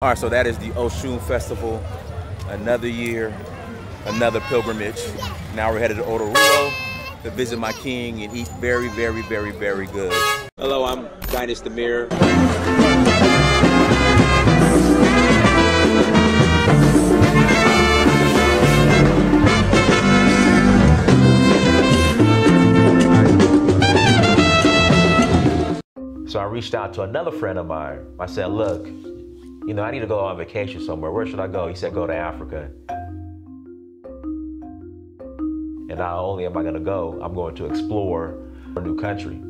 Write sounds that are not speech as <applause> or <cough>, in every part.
All right, so that is the Oshun Festival. Another year, another pilgrimage. Now we're headed to Oruro to visit my king and eat very, very, very, very good. Hello, I'm Dinas Demir. So I reached out to another friend of mine. I said, look, you know, I need to go on vacation somewhere. Where should I go? He said, go to Africa. And not only am I going to go, I'm going to explore a new country.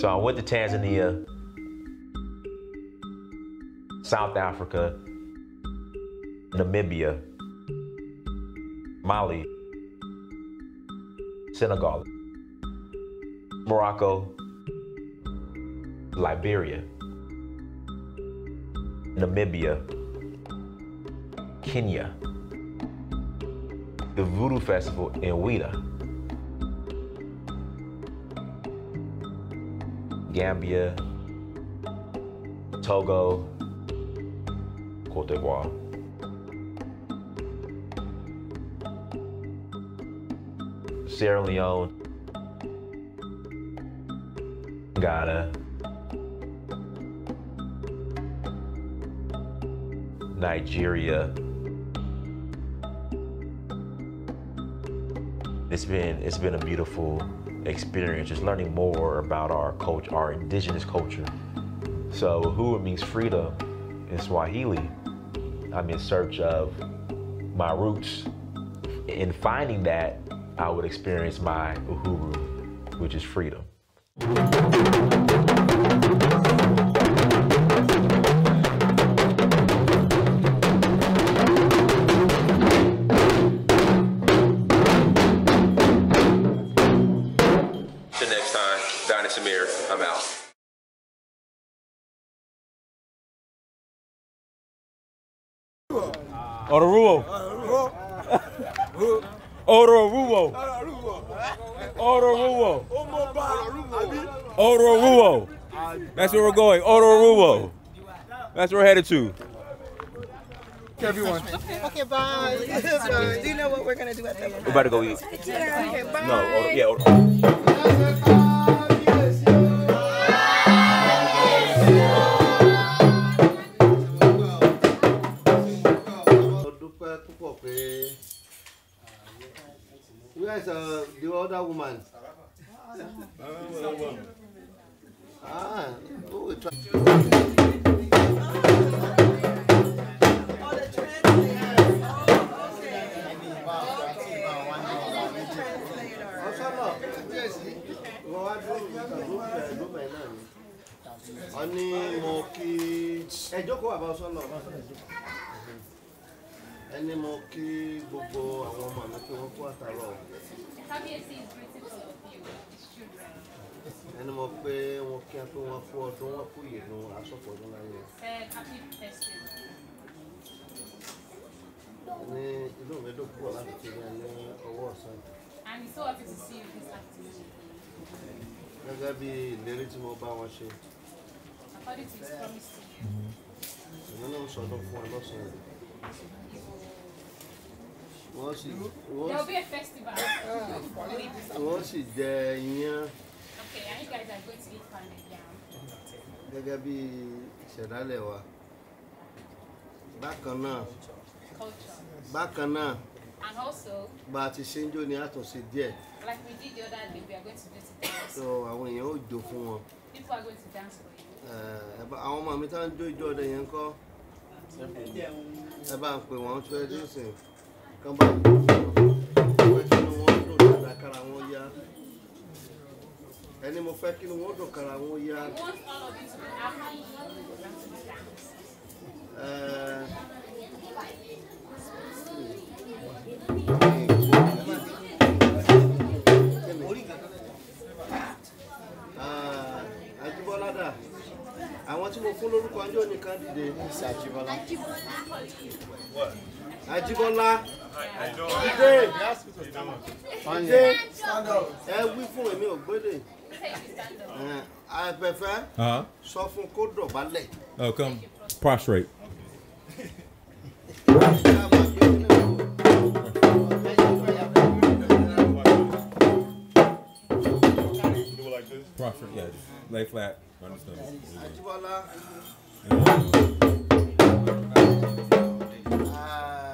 So I went to Tanzania, South Africa, Namibia, Mali, Senegal, Morocco, Liberia. Namibia, Kenya, the Voodoo Festival in Weta, Gambia, Togo, Cote d'Ivoire. Sierra Leone, Ghana, Nigeria. It's been, it's been a beautiful experience, just learning more about our culture, our indigenous culture. So Uhuru means freedom in Swahili. I'm in search of my roots. In finding that, I would experience my Uhuru, which is freedom. Oruo. Oruo. Oruo. Oruo. Oruo. That's where we're going. Oruo. That's where we're headed to. Everyone. Okay, okay bye. Do you know what we're gonna do at moment? We're about to go eat. Okay, bye. No, yeah. pé you guys are the other woman. ah, who will try? wọ́n ní mo kí. ẹ jókòó àbá sọ́nà ẹni mo kí gbogbo àwọn ọmọ mi pé wọ́n kú àtàrọ̀. ẹni mo pé wọ́n kí á pé wọ́n kú ọdún wọ́n kú ìyẹnu asọ̀pọ̀ ọdún láyé. happy inú mi dùn púpọ̀ láti kí ní ní ọwọ́ ọ̀sán. so happy to see you this afternoon. gẹ́gẹ́ bí ìlérí tí mo bá wọn ṣe. according to his fún ẹ lọ́sàn-án wọ́n sì wọ́n sì wọ́n sì jẹ iyán. Okay, and you guys are going to eat pounded yam. gẹ́gẹ́ bí ìṣẹ̀dálẹ̀ wa bákan náà bákan náà and also bá a ti ṣe ń jó ni a tún ṣe díẹ̀. like we did the other day we are going to do it today. so àwọn èèyàn ò jó fún wọn. people are going to dance for you. Eh, àwọn ọmọ mi tá ń jó ìjọ ọdẹ yẹn ń kọ́ ẹ bá ń pè wọ́n tó ẹ dín sìn kan bá kú mo fẹ́ kí wọn dùn dáadáa kára wọn yá ẹni mo fẹ́ kí wọn dùn kára wọn yá. Ajibọ́ládà àwọn tí mo fún lórúkọ ọjọ́ nìkan dìde. Ajibola. Ajibola. Ide. Ide. Ẹ wí fún èmi ògbédè. Àìpẹ̀fẹ́. Uh-huh. Sọ fún kó dọ̀bálẹ̀. Oh, come prostrate. Prostrate, yeah, lay flat. Understand. Uh,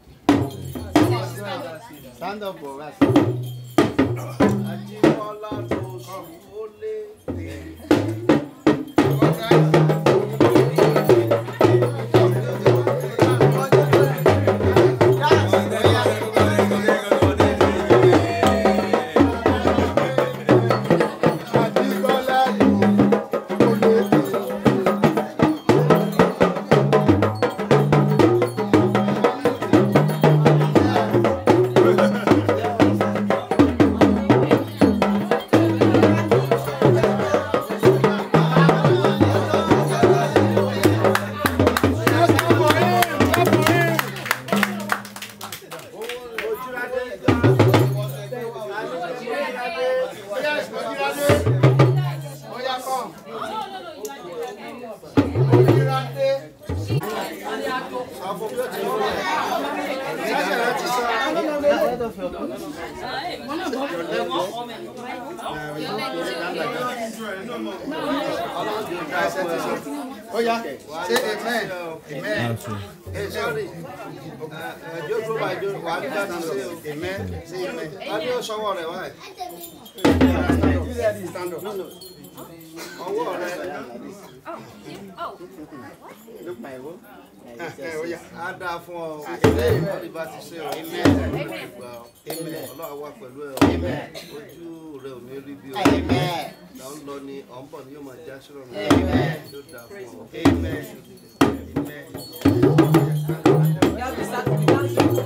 Stand up, bro. Ajíbọ́lá tó sùn. ó yá ṣe amen amen ẹ sọrí ẹjọ tó bá jọ wà á amen ṣe amen lábí ó sọwọ rẹ wá Amen. á dáa fún ọ ilé ìmọ̀lì bá ti ṣe ọ ìgbà ọ ọlọ́run wà pẹ̀lú ẹ ọ ojú rẹ ò ní rí bí ọ là ń lọ ni ọ̀ ń bọ̀ ni yóò máa já sọ̀rọ̀ mi yóò dáa fún ọ.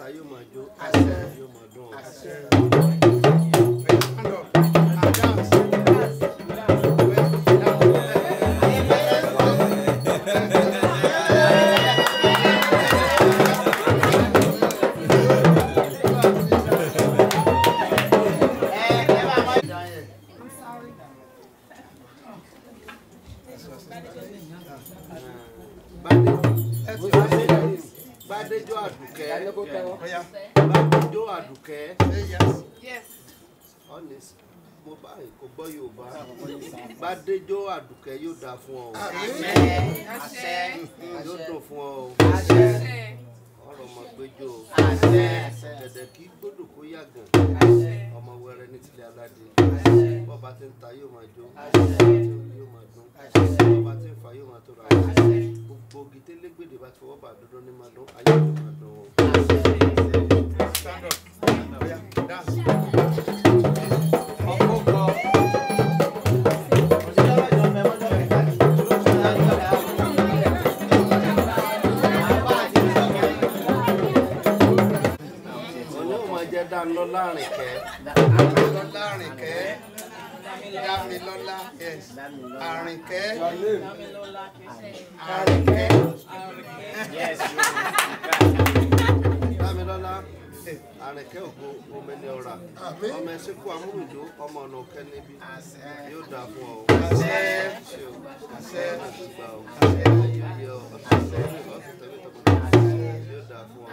àpáta yóò máa jó àṣẹ yóò máa dún ọ. bá déjó àdùkẹ́ yóò dáa fún ọ. yóò dùn fún ọ. ọ̀rọ̀ ọmọ péjọ. dẹ̀dẹ̀ kí gbódò kó yàgàn. ọmọ wẹrẹ ní tilẹ̀ aládé. bọ́ba tí ń ta yóò máa jó. yóò máa dún. bọ́ba tí ń fa yóò máa tóra. gbogbo gidelégbèdè bá ti fọwọ́ bá dúdú ní màdún ayé yóò máa dún Stand up. Stand up. Àrìnkẹ́. Àrìnkẹ́. Dámilọ́lá. Àrìnkẹ́ ògo omeni ọ̀rà. Ọmọ ẹsẹ̀ kú amúrùjó ọmọ ọ̀nà ọ̀kẹ́ níbí. Yóò dáa fún ọ. Àṣẹ. Àṣẹ. Àṣẹ. Àṣẹ. Yóò yọ ọ̀ṣẹ̀ tẹ̀lé tọkọtaya. Yóò dáa fún ọ.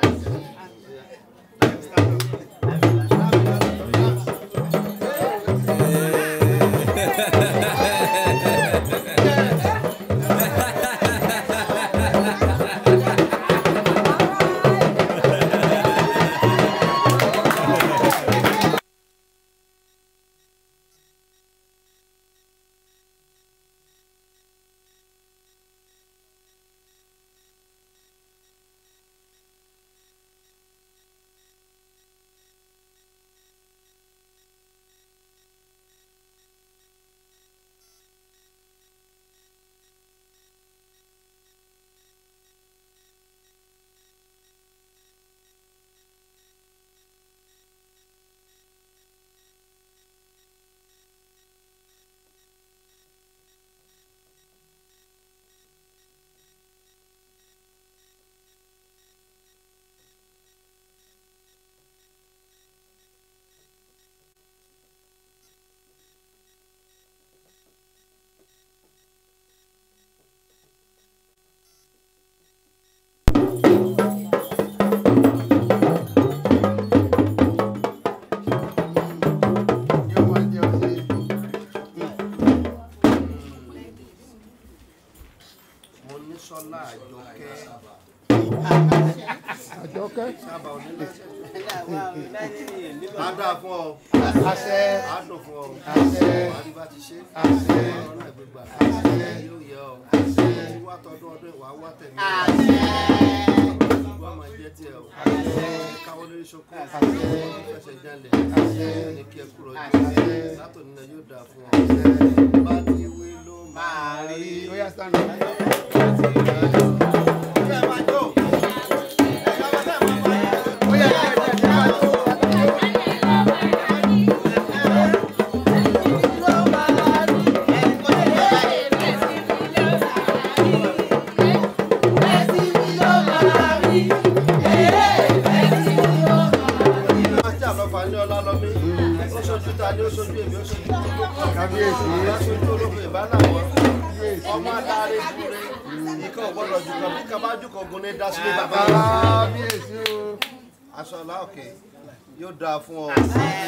dáa fún ọ.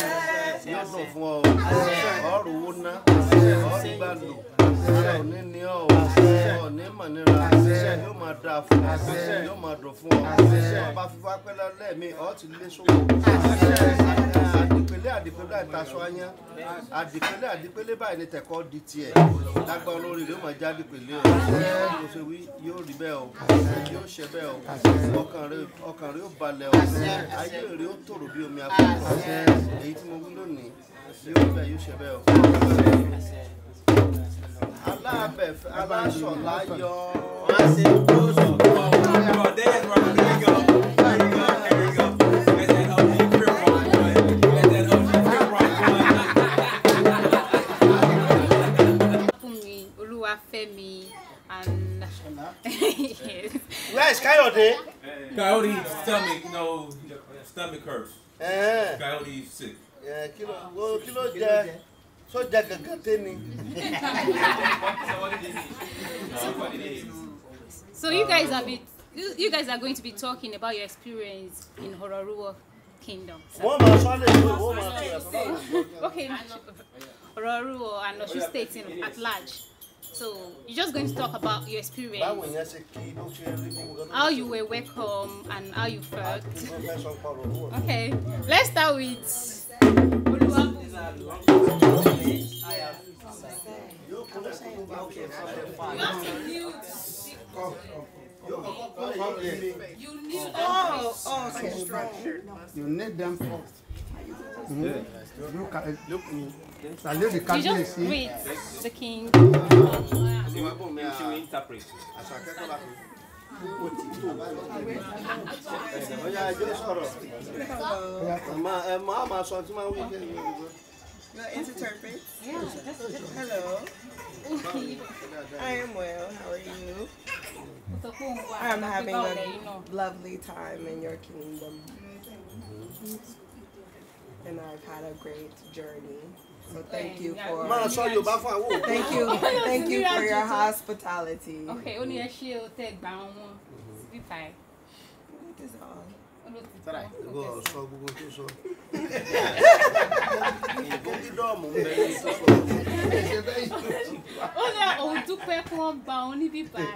báyìí ni tẹ̀kọ́ di tiẹ̀ lágbá olórí ló máa jáde pẹ̀lú ẹ̀ ṣe wí yóò rí bẹ́ẹ̀ o yóò ṣe bẹ́ẹ̀ o ọkàn rẹ ó balẹ̀ o ayé rẹ ó tòrò bí omi afẹ́fẹ́ èyí tí mo wí lónìí yóò bẹ́ẹ̀ yóò ṣe bẹ́ẹ̀ o. alábẹ̀fẹ́ aláṣọ̀lá yọ. wọ́n á ṣe kóso ọ̀rọ̀ ọ̀dẹ́yẹ̀ tó wà That's Coyote. Coyote stomach, no stomach hurts. Uh, Coyote sick. Yeah, kilo, oh, kilo, kilo ja, so ja gangan tini. <laughs> So you guys are be, you guys are going to be talking about your experience in Hororua Kingdom. okay, Hororua and Osun State in, at large. So you're just going to talk about your experience, how you were welcome and how you felt. Ah, okay, let's start with. You need them oh, You need them first. Look at it. Look Salute the cabinet. You just wait, the king. She will interpret. No, interpret. Yeah, just, Yeah. hello. I am well. How are you? I'm having a lovely time in your kingdom. And I've had a great journey. So thank you for. Máa sọ Yorùbá fún àwọn òkú. Thank you <laughs> thank you for your hospitality. Okay, ó ní ẹ ṣé o tẹ gbà wọn síbí báyìí. Tara ìgbọ́ sọ gbogbo tó sọ. <laughs> Ìgbó dídọ́ọ̀mù ń bẹ ní tó sọ. Ó ní òun dúpẹ́ kí wọ́n gba òun be fine.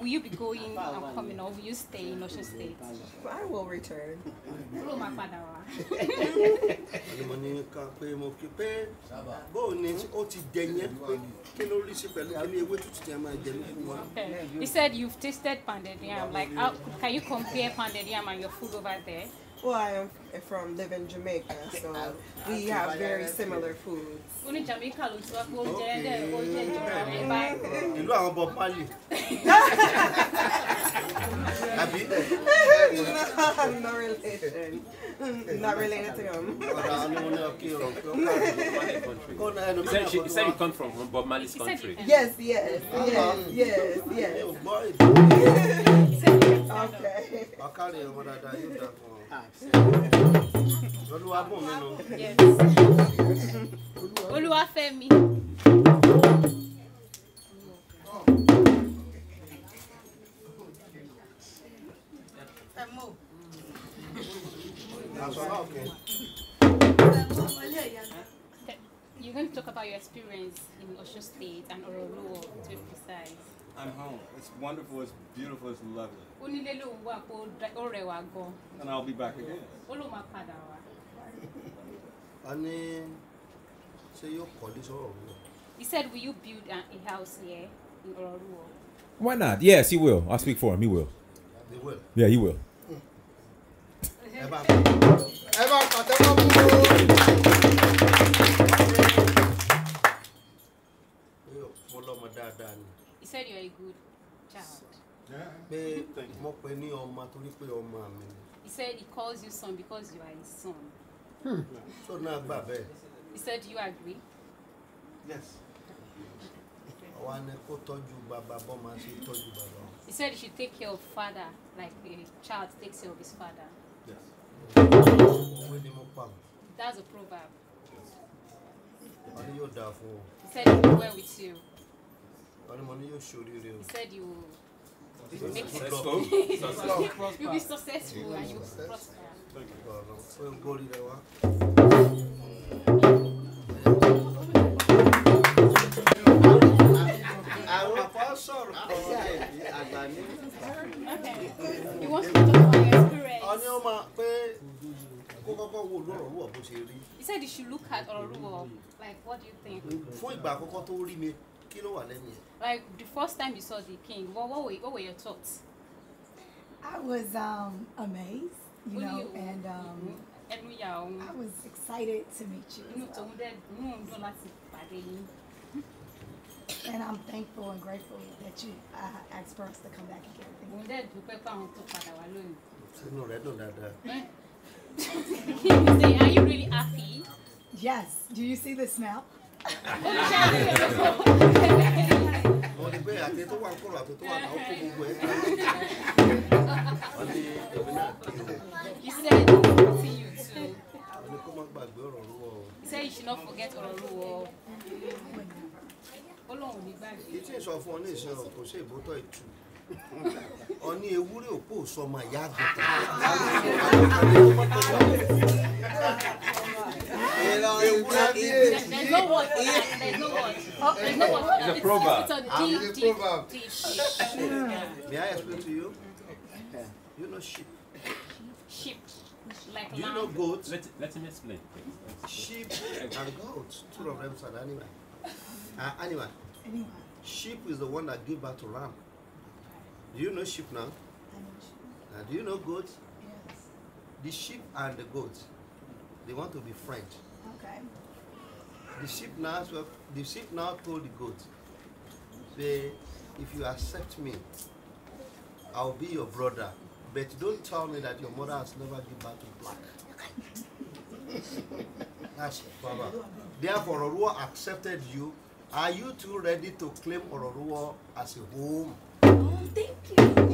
Will you be going and coming or will you stay in Ocean State? I will return. Follow my father. Mo ní ká pé mo kí pé bóun ni ó ti dẹyẹ pé kí ló rí sí pẹ̀lú kí ni ewé tútù tí máa jẹ ní fún wa. He said you've tasted pounded yam like how, can you compare pounded yam and your food over there? Well, I am from live in Jamaica, so we have very similar foods. Uni Jamaica looks You know about Pali? No, no relation. Not related to him. you <laughs> said, you come from Bob Marley's country. Yes, yes, ah, yes, yes, yes. yes. <laughs> okay you are going to talk about your experience in Osho State and Ororo, to be precise. I'm home. It's wonderful. It's beautiful. It's lovely. And I'll be back again. <laughs> he said, Will you build a house here in Oruro? Why not? Yes, he will. I'll speak for him. He will. He will. Yeah, he will. <laughs> said you're a good child. pé mo pè ní ọmọ torí pé ọmọ mi. he said he calls you son because you are his son. Hmm. So náà gbà bẹ́ẹ̀. he said you agree. yes. àwa ni kó tọ́jú bàbá bọ́ máa ṣe tọ́jú bàbá. he said he should take care of father like a child takes care of his father. yes. that's a proverb. wọ́n he said he will be well with you. Ọlọ́mọlú yóò ṣe o. Said you will successful. <laughs> be successful and you prosper. You want to talk He said "He should look at or like what do you think? kí wà lẹ́yìn ẹ̀. like the first time you saw the king what, what, were, what were your thoughts. I was um, amazed you know and um, I was excited to meet you. And I'm thankful and grateful that you uh, asked for us to come back again. <laughs> Are you really happy? Yes. Do you see the smell? wọ́n he said he will see you he said you should not forget ọ̀rọ̀ lọ́wọ́. ọlọ́run ní gbàgbé. ètò ìsọfún ọ ní ìsinmi kò sí ìbótọ́ ìtù ọní ewúrẹ́ òpó sọmọ ìyá There's no one. There's no one. there's no word for It's a proverb. It's a deep, proverb. deep, May I explain to you? You know sheep. Sheep. Like Do you know goats? Let, let him explain. Sheep and goats, two of them are animal. Uh, animal. Animal. Sheep is the one that give birth to ram. Do you know sheep now? I know sheep. Uh, do you know goats? Yes. The sheep and the goats. They want to be friends. Okay. The sheep now, the sheep now told the goat, say, if you accept me, I'll be your brother. But don't tell me that your mother has never given back to black. <laughs> That's Baba. Therefore, Ororuwa accepted you. Are you two ready to claim Ororuwa as a home? Oh, thank you.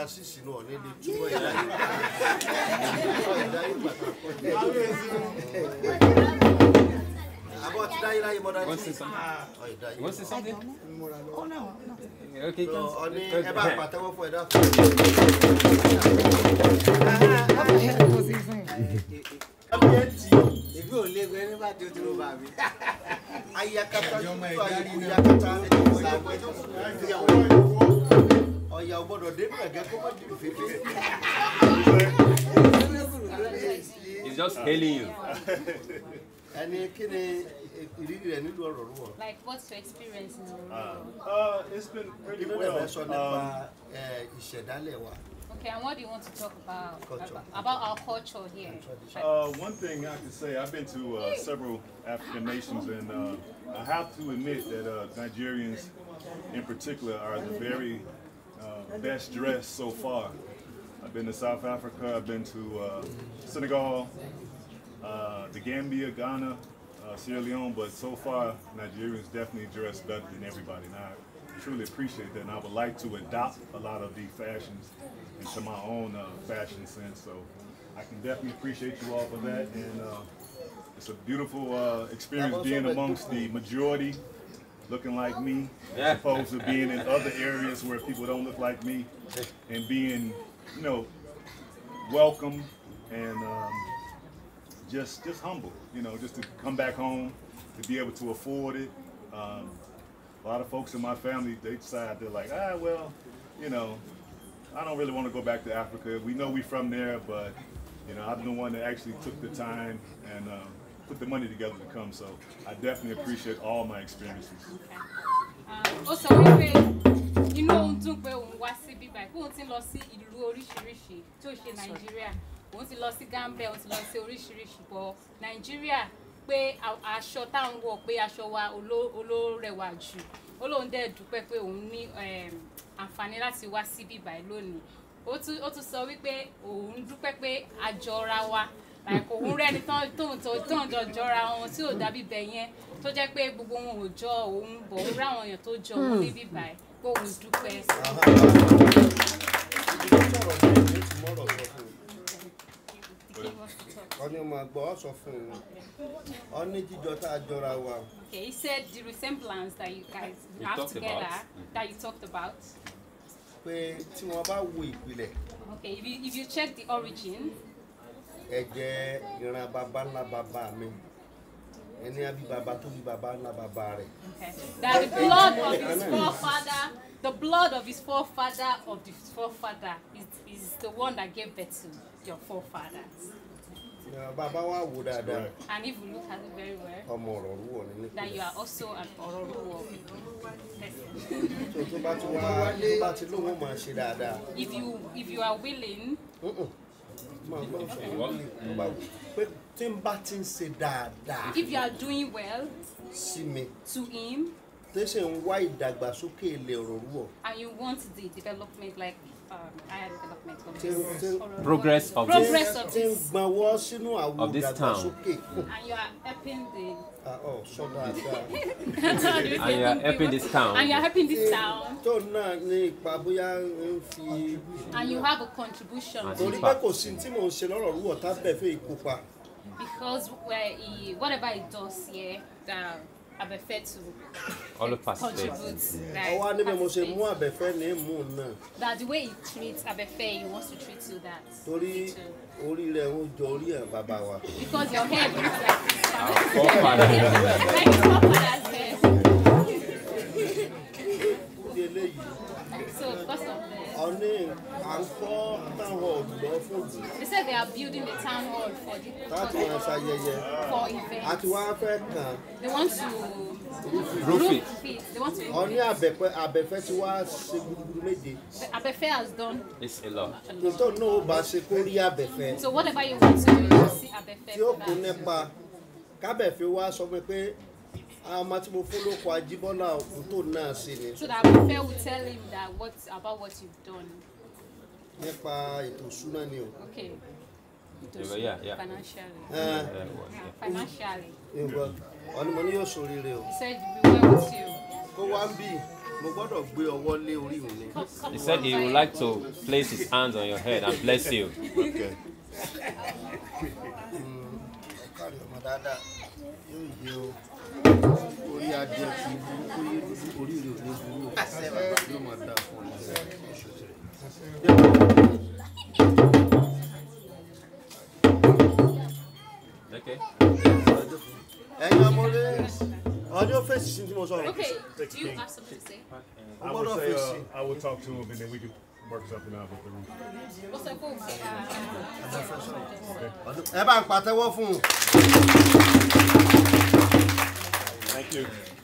da sí sínú ọ̀ní túbọ̀ ìdá ìgbà ẹgbẹ́ ní bá tó dúró bá mi. ayakata tó ayakata ayakata ìyàwó ọ̀yà ọ̀gbọ́dọ̀ débìrì ẹ̀gẹ́ kó má dìbò fífi. He's just hailing you. <laughs> ẹni kí ni ìrírí rẹ nílùú ọ̀rọ̀ rúwọ̀. like what's your experience in the world. Uh, uh, it's been pretty well. kí bẹ́ sọ nípa um, eh, ìṣẹ̀dálẹ̀ wa. Okay, and what do you want to talk about? About, our culture here. Uh, one thing I can say, I've been to uh, several African nations, and uh, I have to admit that uh, Nigerians in particular are the very uh, best dressed so far. I've been to South Africa, I've been to uh, Senegal, the Gambia, Ghana, Sierra Leone, but so far Nigerians definitely dress better than everybody. And I truly appreciate that, and I would like to adopt a lot of the fashions to my own uh, fashion sense. So I can definitely appreciate you all for that. And uh, it's a beautiful uh, experience being amongst the majority looking like me, as opposed to being in other areas where people don't look like me, and being, you know, welcome and um, just just humble. You know, just to come back home, to be able to afford it. Um, a lot of folks in my family, they decide they're like, ah, well, you know, I don't really want to go back to Africa. We know we're from there, but you know, I'm the one that actually took the time and um, put the money together to come. So I definitely appreciate all my experiences. ó sọ wípé inú òun dùn pé òun wá sí bíbá ẹ̀ pé òun ti lọ sí ìlú oríṣiríṣi tí ṣe nàìjíríà òun ti lọ sí gambia òun ti lọ sí oríṣiríṣi bọ nàìjíríà pé aṣọ táwọn wọ̀ pé aṣọ wa olórẹwà jù ó lóun dẹ̀ dúpẹ́ pé òun ní àǹfààní láti wá sí bíbá ẹ lónìí ó tún sọ wípé òun dúpẹ́ pé a wa like òun rẹ́ni tóun tóun jọ jọra wọn tí ò dàbí bẹ̀ yẹn tó jẹ́ pé gbogbo wọn ò jọ òun bọ̀ òun ráwọn èèyàn tó jọ òun ní bíbá pé òun dúpẹ́ wọ́n ọmọ àgbà ọ̀sọ̀ fún un wọ́n jíjọ tá a jọra wa. okay he said the resemblance that you guys you have together about. Mm-hmm. that you talked about. pé tí wọ́n bá wo ìpìlẹ̀. okay if you if you check the origin. ẹ̀jẹ̀ ìran baba ńlá baba mi ẹni á bí baba tó bí baba ńlá baba rẹ̀. that the blood of his forefather the blood of his forefather of the forefather is is the one that gave birth to your forefathers. Bàbá wa wò dáadáa. And if you look at it very well. Ọmọ Ọ̀rọ̀rúwọ̀ ni nípò. That you are also an Ọ̀rọ̀rúwọ̀ person. Tó bá ti wá tó bá ti lóun máa ṣe dáadáa. If you if you are willing. Máa gbọ́ ìṣòro tó bá wù. Pé tí n bá ti ń ṣe dáadáa. If you are doing well. Sí mi. To him. Tẹ́sán ń wá ìdàgbàsókè ilẹ̀ Ọ̀rọ̀rúwọ̀. And you want the development like Um, higher development of this progress of this of this of this town. And you are helping the. Uh, oh, that, uh, and you are helping this town. And you are helping this town. And you have a contribution. because whatever he does here. Yeah, abẹ́fẹ́ to all contribute. ọwọ́ níbi mo ṣe that the way he treats abẹ́fẹ́ he wants to treat you that. torí because your head is like. <laughs> à ń kọ́ town hall lọ fún òdì. they said they are building the town hall for the. láti wọn for events. àti wọn á fẹ́ they want to. roof it. they want to. ti wá ṣe gbúdúgbúdú méje. abẹ́fẹ́ has done. it's a lot. tòótọ́ náà ó bá ṣe kó rí abẹ́fẹ́. so whatever you want to do you see abẹ́fẹ́. tí ó kún nípa kábẹ̀fẹ́ wá sọ pé pé ọmọ tí mo fún ló kọ náà sí ni. so that abẹ́fẹ́ will tell him that what about what you've done nípa ètò ìṣúná ni o. okay ètò ìṣúná financially. yóò sori rẹ o. he said kó wá ń bì mo gbọ́dọ̀ gbé ọwọ́ lé orí mi he said he would like to place his hands on your head and bless you. okay. ọ̀kadì hmm, orí adìẹ kì í yé dúdú orí rẹ̀ ní burú yóò máa dáa fún ọ ní ìṣòṣèré. Okay. ọmọdé ọdún fèsì sí ní mo sọ̀rọ̀. Okay, do you have something to say? I would say uh, I would talk to him and then we could work something out with the room. ẹ bá ń pàtẹ́wọ́ fún un. Thank Okay.